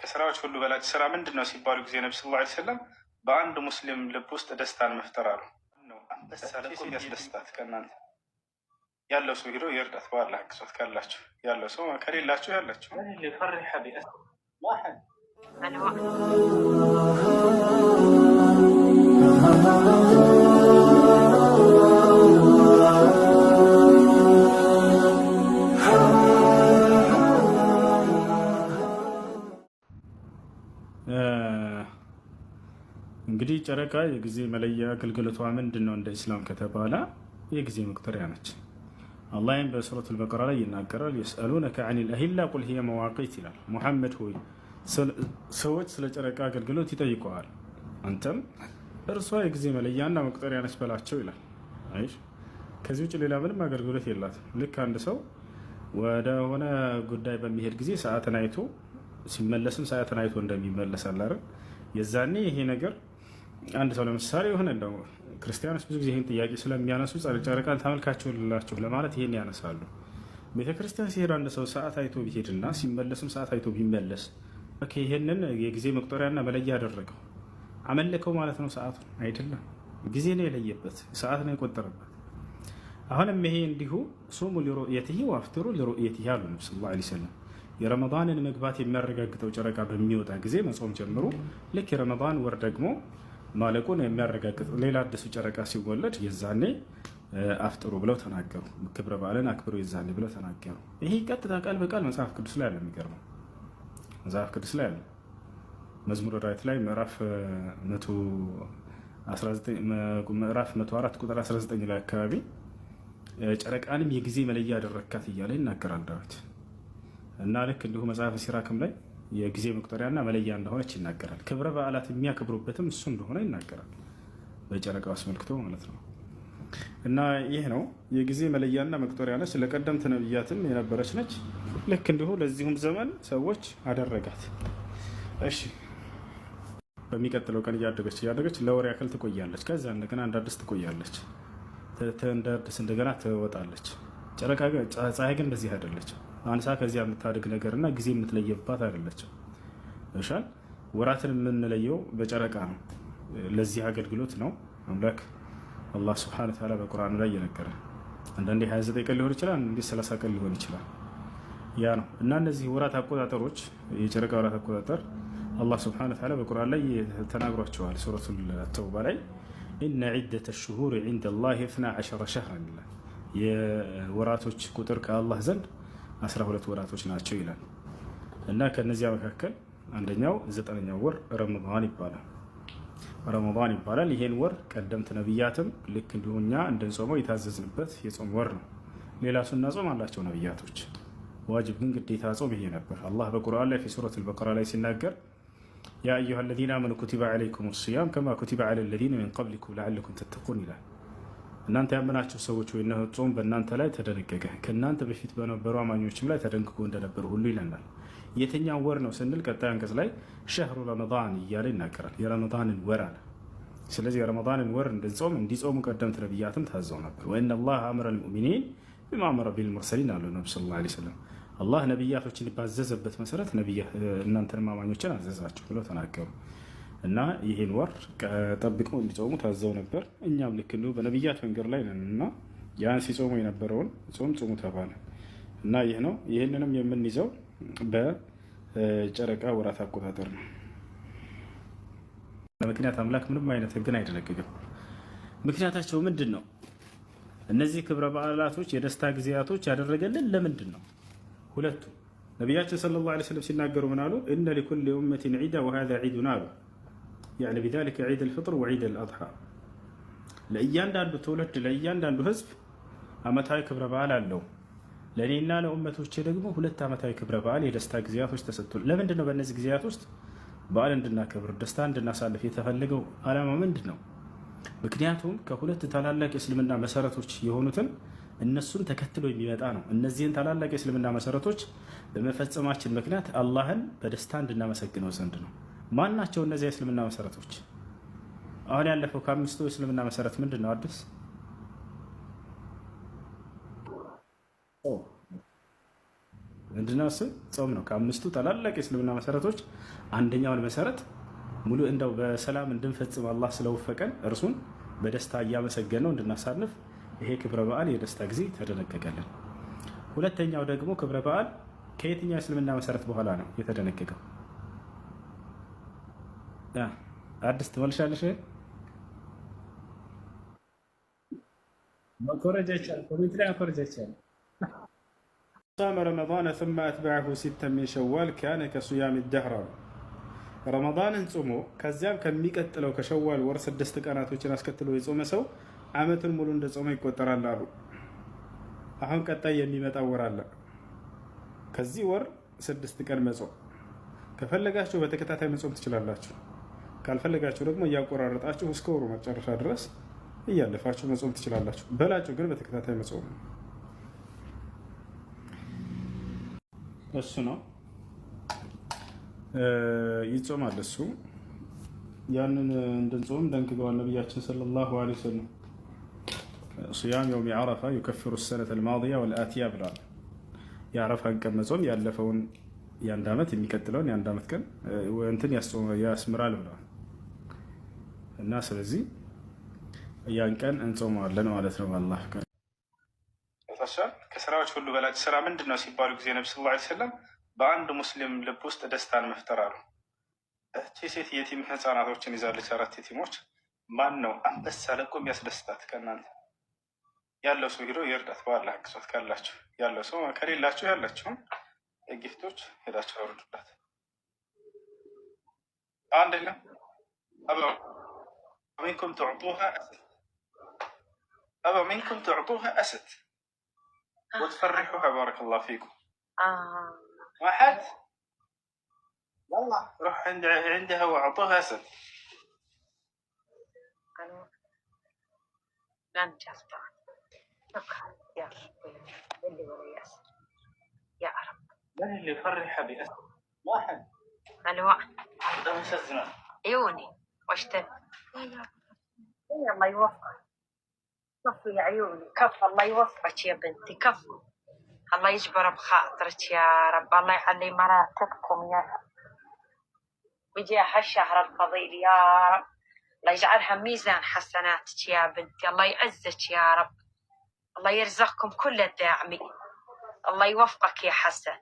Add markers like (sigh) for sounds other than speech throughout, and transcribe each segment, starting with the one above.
ከስራዎች ሁሉ በላጭ ስራ ምንድን ነው ሲባሉ ጊዜ ነብ ስ ላ ሰለም በአንድ ሙስሊም ልብ ውስጥ ደስታን መፍጠር አሉ። ያስደስታት ከእናንተ ያለው ሰው ሂዶ የእርዳት በኋላ ግሶት ካላችሁ ያለው ሰው ከሌላችሁ ያላችሁ Thank you. ጨረቃ የጊዜ መለያ አገልግሎቷ ምንድን ነው እንደ ኢስላም ከተባለ የጊዜ መቁጠሪያ ነች። አላህም በሱረት አልበቀራ ላይ ይናገራል። የስአሉነከ አኒል አሂላ ቁል ሂየ መዋቂት ይላል። ሙሐመድ ሆይ ሰዎች ስለ ጨረቃ አገልግሎት ይጠይቀዋል፣ አንተም እርሷ የጊዜ መለያና መቁጠሪያ ነች በላቸው ይላል። አይሽ ከዚህ ውጭ ሌላ ምንም አገልግሎት የላትም። ልክ አንድ ሰው ወደ ሆነ ጉዳይ በሚሄድ ጊዜ ሰዓትን አይቶ ሲመለስም ሰዓትን አይቶ እንደሚመለስ አላረ የዛኔ ይሄ ነገር አንድ ሰው ለምሳሌ የሆነ እንደው ክርስቲያኖች ብዙ ጊዜ ይህን ጥያቄ ስለሚያነሱ ጨረቃን ተመልካችሁላችሁ ለማለት ይህን ያነሳሉ። ቤተክርስቲያን ሲሄድ አንድ ሰው ሰዓት አይቶ ቢሄድና ሲመለስም ሰዓት አይቶ ቢመለስ ይህንን የጊዜ መቁጠሪያና መለያ አደረገው አመለከው ማለት ነው። ሰዓቱ አይደለም ጊዜ ነው የለየበት፣ ሰዓት ነው የቆጠረበት። አሁንም ይሄ እንዲሁ ሱሙ ሊሩእየትህ ዋፍትሩ ሊሩእየትህ አሉ ነብ ስለ ላ ሰለም የረመዳንን መግባት የሚያረጋግጠው ጨረቃ በሚወጣ ጊዜ መጾም ጀምሩ። ልክ የረመዳን ወር ደግሞ ማለቁን የሚያረጋግጥ ሌላ አዲሱ ጨረቃ ሲወለድ የዛኔ አፍጥሩ ብለው ተናገሩ። ክብረ በዓልን አክብሩ የዛኔ ብለው ተናገሩ። ይሄ ቀጥታ ቃል በቃል መጽሐፍ ቅዱስ ላይ አለ። የሚገርመው መጽሐፍ ቅዱስ ላይ አለ። መዝሙረ ዳዊት ላይ ምዕራፍ 104 ቁጥር 19 ላይ አካባቢ ጨረቃንም የጊዜ መለያ አደረግካት እያለ ይናገራል ዳዊት እና ልክ እንዲሁ መጽሐፍ ሲራክም ላይ የጊዜ መቁጠሪያና መለያ እንደሆነች ይናገራል። ክብረ በዓላት የሚያከብሩበትም እሱ እንደሆነ ይናገራል። በጨረቃ አስመልክቶ ማለት ነው። እና ይህ ነው የጊዜ መለያና መቁጠሪያ ነች። ለቀደምት ነብያትም የነበረች ነች። ልክ እንዲሁ ለዚሁም ዘመን ሰዎች አደረጋት። እሺ፣ በሚቀጥለው ቀን እያደገች እያደገች ለወር ያክል ትቆያለች። ከዚያ እንደገና እንዳዲስ ትቆያለች። እንደ አዲስ እንደገና ትወጣለች። ጨረቃ ፀሐይ ግን እንደዚህ አይደለችም። አንሳ ከዚያ የምታድግ ነገርና ጊዜ የምትለየባት አይደለችም። እሻል ወራትን የምንለየው በጨረቃ ነው። ለዚህ አገልግሎት ነው አምላክ አላህ ስብሐነ ወተዓላ በቁርአኑ ላይ እየነገረ አንዳንዴ 29 ቀን ሊሆን ይችላል፣ እንደ 30 ቀን ሊሆን ይችላል። ያ ነው እና እነዚህ ወራት አቆጣጠሮች የጨረቃ ወራት አቆጣጠር አላህ ስብሐነ ወተዓላ በቁርአን ላይ ተናግሯቸዋል። ሱረቱል ተውባ ላይ ኢነ ዒደተ ሽሁር ዒንደላሂ ኢስና 12 ሸህረን ይላል የወራቶች ቁጥር ከአላህ ዘንድ 12 ወራቶች ናቸው ይላል እና ከነዚያ መካከል አንደኛው ዘጠነኛው ወር ረመዳን ይባላል ረመዳን ይባላል። ይሄን ወር ቀደምት ነቢያትም ልክ እንዲሁ እኛ እንድንጾመው የታዘዝንበት የጾም ወር ነው። ሌላ ሱና ጾም አላቸው ነቢያቶች፣ ዋጅብ ግን ግዴታ ጾም ይሄ ነበር። አላህ በቁርአን ላይ ሱረት አልበቀራ ላይ ሲናገር ያ አዩሃ ለዚነ አመኑ ኩቲበ ዓለይኩም ሲያም ከማ ኩቲበ ዓላ ለዚነ ሚን ቀብሊኩም ለዓለኩም ተተቁን ይላል። እናንተ ያመናችሁ ሰዎች ወይ ጾም በእናንተ ላይ ተደነገገ ከእናንተ በፊት በነበሩ አማኞችም ላይ ተደንግጎ እንደነበሩ ሁሉ ይለናል። የትኛው ወር ነው ስንል ቀጣይ አንቀጽ ላይ ሸህሩ ረመዳን እያለ ይናገራል። የረመዳንን ወር አለ። ስለዚህ የረመዳንን ወር እንድንጾም እንዲጾሙ ቀደምት ነብያትም ታዘው ነበር። ወኢነ አላህ አምረ ልሙእሚኒን ቢማ አመረ ቢል ሙርሰሊን አሉ ነብ ስ ላ ስለም አላህ ነቢያቶችን ባዘዘበት መሰረት እናንተን አማኞችን አዘዛችሁ ብለው ተናገሩ። እና ይህን ወር ጠብቀው እንዲጾሙ ታዘው ነበር። እኛም ልክ እንዲሁ በነቢያት መንገድ ላይ ነን እና ያን ሲጾሙ የነበረውን ጾም ጾሙ ተባለ እና ይህ ነው። ይህንንም የምንይዘው በጨረቃ ወራት አቆጣጠር ነው። ምክንያት አምላክ ምንም አይነት ህግን አይደነግግም። ምክንያታቸው ምንድን ነው? እነዚህ ክብረ በዓላቶች የደስታ ጊዜያቶች ያደረገልን ለምንድን ነው? ሁለቱ ነቢያችን ሰለላሁ ዓለይሂ ወሰለም ሲናገሩ ምን አሉ? እነ ሊኩል ኡመቲን ዒዳ ወሃዛ ዒዱና አሉ ያዕኒ ቢዛሊከ ዒደል ፍጥር ወዒደል አድሃ ለእያንዳንዱ ትውልድ ለእያንዳንዱ ህዝብ አመታዊ ክብረ በዓል አለው። ለእኔና ለኡመቶቼ ደግሞ ሁለት ዓመታዊ ክብረ በዓል የደስታ ጊዜያቶች ተሰጥቶ ለምንድን ነው በእነዚህ ጊዜያት ውስጥ በዓል እንድናከብር ደስታ እንድናሳልፍ የተፈለገው ዓላማ ምንድን ነው? ምክንያቱም ከሁለት ታላላቅ የእስልምና መሰረቶች የሆኑትን እነሱን ተከትሎ የሚመጣ ነው። እነዚህን ታላላቅ የእስልምና መሰረቶች በመፈጸማችን ምክንያት አላህን በደስታ እንድናመሰግነው ዘንድ ነው። ማን ናቸው እነዚያ የእስልምና መሰረቶች? አሁን ያለፈው ከአምስቱ የእስልምና መሰረት ምንድን ነው አዲስ? ምንድነው እሱ? ጾም ነው። ከአምስቱ ታላላቅ የእስልምና መሰረቶች አንደኛውን መሰረት ሙሉ እንደው በሰላም እንድንፈጽም አላህ ስለወፈቀን እርሱን በደስታ እያመሰገነው እንድናሳልፍ ይሄ ክብረ በዓል የደስታ ጊዜ ተደነገገልን። ሁለተኛው ደግሞ ክብረ በዓል ከየትኛው የእስልምና መሰረት በኋላ ነው የተደነገገው? አዲስ ትመልሻለሽ። መኮረጃ رمضان ثم اتبعه ستة من شوال كان كصيام الدهر ረመዳንን ጾሞ ከዚያም ከሚቀጥለው ከሸዋል ወር ስድስት ቀናቶችን አስከትሎ የጾመ ሰው ዓመትን ሙሉ እንደ ጾመ ይቆጠራል አሉ። አሁን ቀጣይ የሚመጣው ወር አለ። ከዚህ ወር ስድስት ቀን መጾም ከፈለጋችሁ በተከታታይ መጾም ትችላላችሁ። ካልፈለጋችሁ ደግሞ እያቆራረጣችሁ እስከ ወሩ መጨረሻ ድረስ እያለፋችሁ መጾም ትችላላችሁ። በላቸው ግን በተከታታይ መጾም ነው። እሱ ነው ይጾማል። እሱ ያንን እንድንጾም ደንግገዋል ነቢያችን ሰለላሁ ዐለይሂ ወሰለም ሲያም የውም የአረፋ ዩከፍሩ ሰነት አልማዲያ ወልአትያ ብለዋል። የዓረፋን ቀን መጾም ያለፈውን የአንድ ዓመት የሚቀጥለውን የአንድ ዓመት ቀን እንትን ያስምራል ብለዋል። እና ስለዚህ ያን ቀን እንጾማለን ማለት ነው። በአላህ ከስራዎች ሁሉ በላጭ ስራ ምንድን ነው ሲባሉ ጊዜ ነብ ስላ ስለም በአንድ ሙስሊም ልብ ውስጥ ደስታን መፍጠር አሉ። እቺ ሴት የቲም ህፃናቶችን ይዛለች፣ አራት የቲሞች። ማን ነው አንበሳ ለቆ የሚያስደስታት ከእናንተ? ያለው ሰው ሂዶ የእርዳት በኋላ ግዟት ካላችሁ ያለው ሰው ከሌላችሁ ያላችሁም ጊፍቶች ሄዳችሁ አውርዱላት። አንደኛ منكم تعطوها أسد أبا منكم تعطوها أسد آه. وتفرحوها بارك الله فيكم آه. واحد يلا روح عند عندها وأعطوها أسد قالوا لا نجاز يا رب اللي يا رب من اللي يفرح بأسد واحد ألوان أنا شو عيوني واشتد إيه، الله يوفقك كفي يا عيوني كف الله يوفقك يا بنتي كف الله يجبر بخاطرك يا رب الله يحلي مراتبكم يا رب وجاه هالشهر الفضيل يا رب الله يجعلها ميزان حسناتك يا بنتي الله يعزك يا رب الله يرزقكم كل الداعمين الله يوفقك يا حسن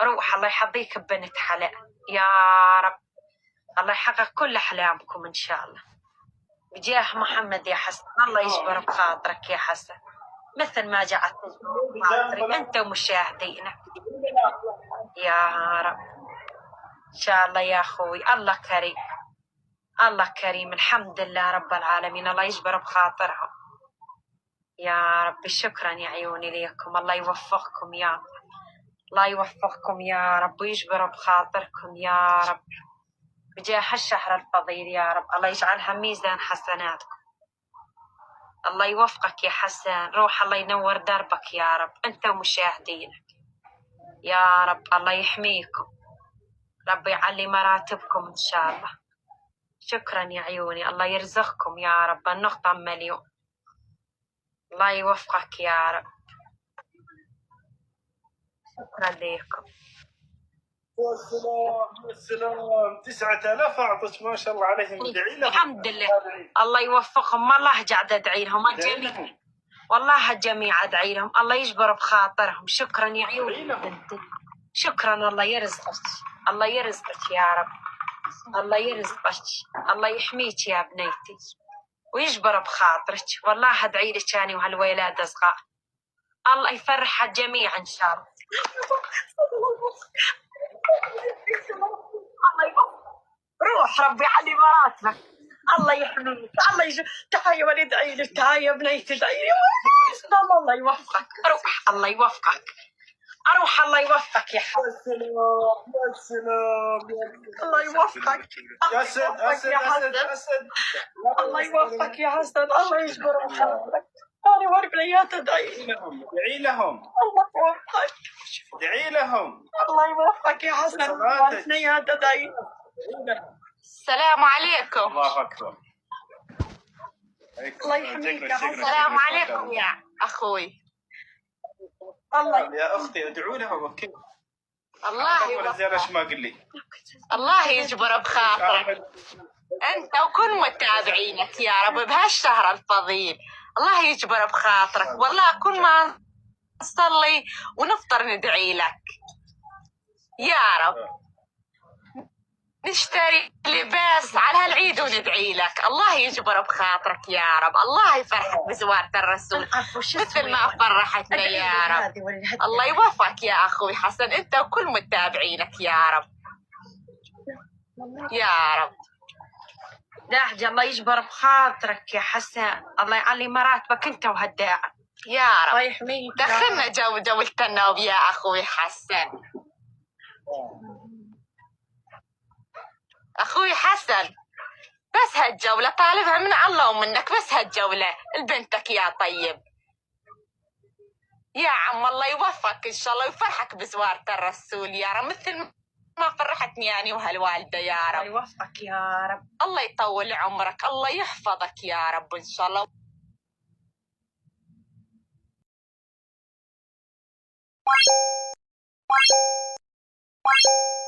روح الله يحظيك ببنت حلاء يا رب الله يحقق كل أحلامكم إن شاء الله بجاه محمد يا حسن الله يجبر بخاطرك آه. يا حسن مثل ما جعلت بخاطري أنت ومشاهدينا يا رب إن شاء الله يا أخوي الله كريم الله كريم الحمد لله رب العالمين الله يجبر بخاطرهم يا ربي شكرا يا عيوني ليكم الله يوفقكم يا الله يوفقكم يا رب ويجبر بخاطركم يا رب بجاه الشهر الفضيل يا رب الله يجعلها ميزان حسناتكم الله يوفقك يا حسان روح الله ينور دربك يا رب أنت ومشاهدينك يا رب الله يحميكم رب يعلي مراتبكم إن شاء الله شكرا يا عيوني الله يرزقكم يا رب النقطة مليون الله يوفقك يا رب شكرا لكم والسلام والسلام آلاف اعطت ما شاء الله عليهم ادعي إيه، لهم الحمد لله الله يوفقهم والله قاعده ادعي لهم الجميع والله الجميع ادعي لهم الله يجبر بخاطرهم شكرا يا عيوني شكرا الله يرزقك الله يرزقك يا رب الله يرزقك الله يحميك يا بنيتي ويجبر بخاطرك والله ادعي لك انا وهالولاد اصغر الله يفرح الجميع ان شاء الله (laughs) روح ربي علي مراتبك الله يحميك الله يج... يا وندعي لك تعالي يا بنيتي ادعي لي الله يوفقك روح الله يوفقك اروح الله يوفقك يا حسن يا سلام الله يوفقك يا سيد يا سيد يا سيد الله يوفقك يا حسن الله يجبر روحك انا واقف ليات ادعي لهم دعي لهم الله يوفقك ادعي لهم الله يوفقك يا حسن واقف ليات السلام عليكم الله اكبر الله يحميك السلام عليكم يا اخوي الله يا اختي ادعوا لهم اوكي الله الله يجبر بخاطرك انت وكل متابعينك يا رب بهالشهر الفضيل الله يجبر بخاطرك والله كل ما نصلي ونفطر ندعي لك يا رب آه. نشتري لباس على هالعيد وندعي لك الله يجبر بخاطرك يا رب الله يفرحك بزوارة الرسول طيب، مثل ما فرحتنا يا رب الله يوفقك يا أخوي حسن أنت وكل متابعينك يا رب يا رب داحجة الله يجبر بخاطرك يا حسن الله يعلي مراتبك انت وهالداعم يا رب الله يحميك دخلنا جو جو التناوب يا اخوي حسن اخوي حسن بس هالجولة طالبها من الله ومنك بس هالجولة لبنتك يا طيب يا عم الله يوفقك ان شاء الله ويفرحك بزوارة الرسول يا رب مثل ما فرحتني أنا يعني وهالوالدة يا رب الله يوفقك يا رب الله يطول عمرك الله يحفظك يا رب إن شاء الله